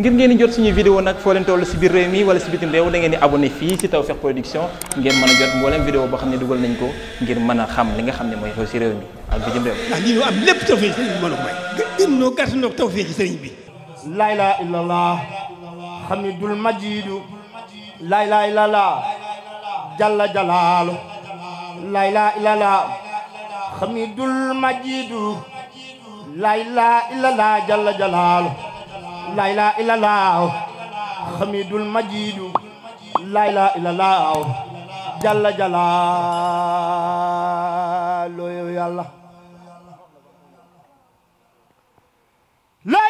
ngir ngeen di jot suñu vidéo nag foo leen toll si biir réew mi wala si bitim réew da ngeen di abonné fii si Tawfekh Production ngeen mën a jot mboolem vidéo boo xam ne dugal nañ ko ngir mën a xam li nga xam ne mooy xew si réew mi ak bitim réew. ndax lii ñu bi mën a may. gën noo gàtt noo laa ilaaha illallaah hamidul majiidu laa ilaaha illallaah jalla jalaalu laa ilaaha illallaah hamidul majiidu laa jalla jalaalu la ilaha illallah hamidul majidu la ilaha illallah jalla jalaalu yow yàlla la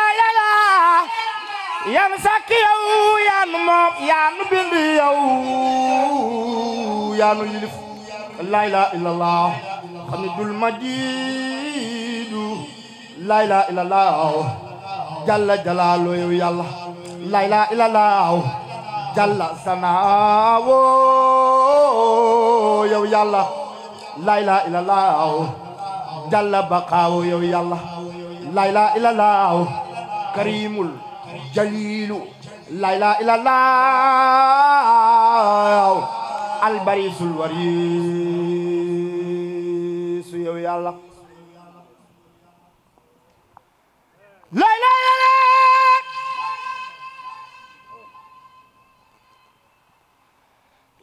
ilaha yam sakki yaa nu moom yaa nu bind yow yaa nu yilif majiidu laa ilaaha jalla jalaalu yow yàlla laa ilaaha jalla sanaawo yow yàlla laa ilaaha jalla baqaawo yow yàlla laa ilaaha illallah jaliilu لا إله إلا الله البريس الوريس يا الله لا إله إلا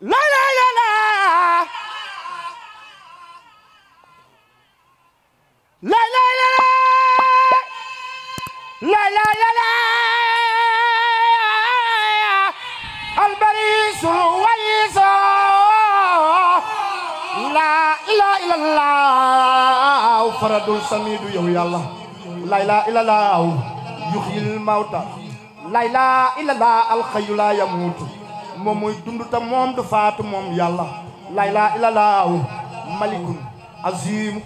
الله لا إله إلا الله لا إله إلا الله لا إله إلا الله alfaradu samidu yow yàlla la ilaha illallah yuhyil mawta la ilaha yamuutu moom mooy dund moom du faatu moom yàlla la ilaha illallah malikun azim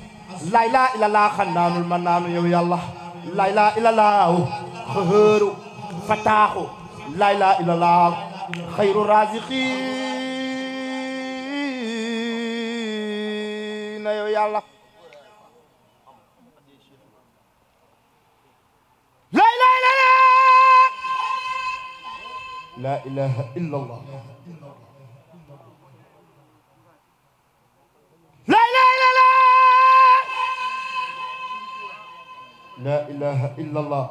la ilaha xannaanul mannaanu yow yàlla la xëhëru fataaxu la ilaha illallah xayru laa ilaha illa allah laa ilaha illa allah laa ilaha illa allah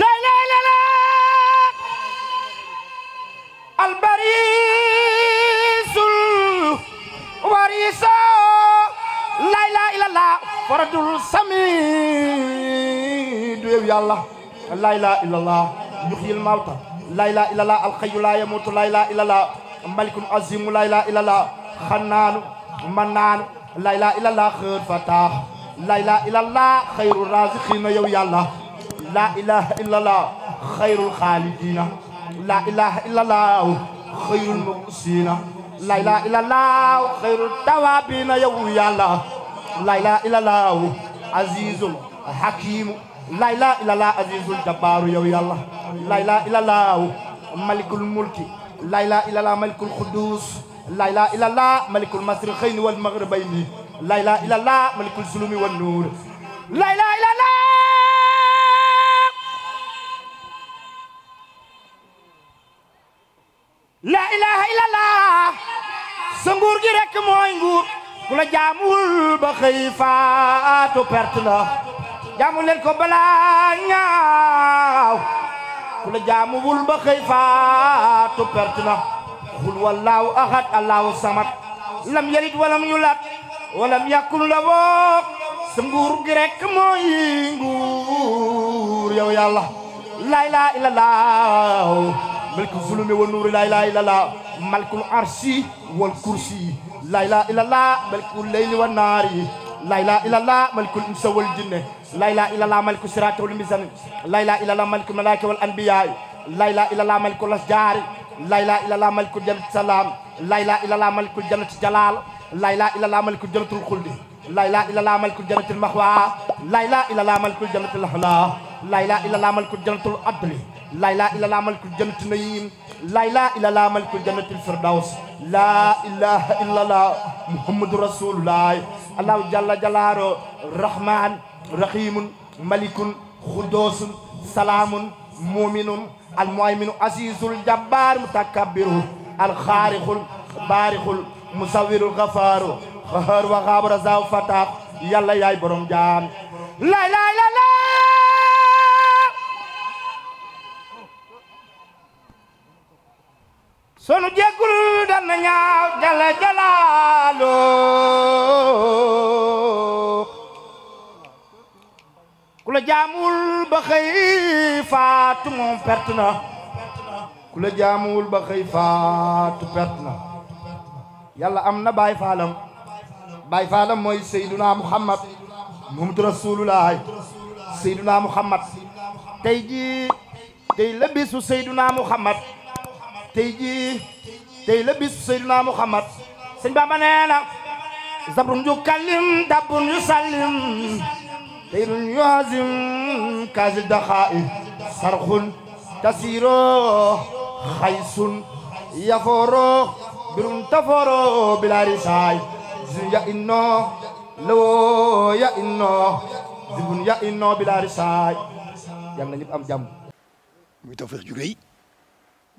laa ilaha illa allah albarisul warisa laa ilaha illa laa ilaaha illallah yuxyil mawta laa ilaaha illallah alxayu laa yamuutu laa ilaaha illallah malikun azimu laa ilaaha illallah xannaanu mannaanu laa ilaaha illallah xër fataax laa ilaaha illallah xayru raaziqiina yow yàlla laa ilaaha illallah xayrul xaalidiina laa ilaaha illallah xayrul muqsiina laa ilaaha illallah xayrul tawaabiina yow yàlla laa ilaaha illallah hakiimu lay laa ilallah jabbaaru yow yàlla lay malikul mulki lay laa ilallah malikul quddus lay laa ilallah malikul masrixayni wal maghribayni lay laa ilallah malikul zulumi wan nuur lay laa ilallah laa mooy nguur ku ba xëy faatu perte la jaamu leen ko balaa ñaaw ku la jaamuwul ba xëy faatu perte na xul wallaahu ahad allaahu samad lam yalit walam yulat walam yakun lahu sa nguur gi rek mooy nguur yow yàlla laa ilaaha illallaah malkul zulumi wa nuuri laa ilaaha illallaah malkul arsi wal kursi laa ilaaha illallaah malkul leyli wa naari la ilaha illallah malikul insa wal jinne la ilaha illallah maliku sirati wal mizan la ilaha illallah malikul malaika wal anbiya la ilaha illallah malikul asjar la ilaha illallah malikul jannati salam la ilaha illallah malikul jannati jalal la ilaha illallah malikul jannatul khuldi la ilaha illallah malikul jannatil mahwa la ilaha illallah malikul jannatil ahla la ilaha illallah malikul jannatul adli لا إله إلا الله ملك الجنة النعيم لا إله إلا الله ملك الجنة الفردوس لا إله إلا الله محمد رسول الله الله جل جلاله رحمن رحيم ملك خدوس سلام مؤمن المؤمن عزيز الجبار متكبر الخارق البارق المصور الغفار قهر وغابر ذو فتاح يلا يا برم جام لا لا لا لا sonu jéggul dana ñaaw jala jalaalu ku la jaamul ba xëy faatu moom perte na ku la jaamul ba xëy faatu perte na yàlla am na baay faalam baay faalam mooy seyduna muhammad muhammad rasulullahi seyduna muhammad tey jii tey la bisu seyduna muhammad tey jii tey la bis Seydina Muhammad sëñ Bamba na zabrun yu kallim dabbun yu sallim teyrun yu hazim kaasil daxaa'i sarxun tasiiroo xaysun yafooroo birun tafooroo bilaari saay zibun ya innoo lawoo ya innoo zibun ya innoo bilaari saay yal na ñëpp am jàmm muy tawfeex ju rëy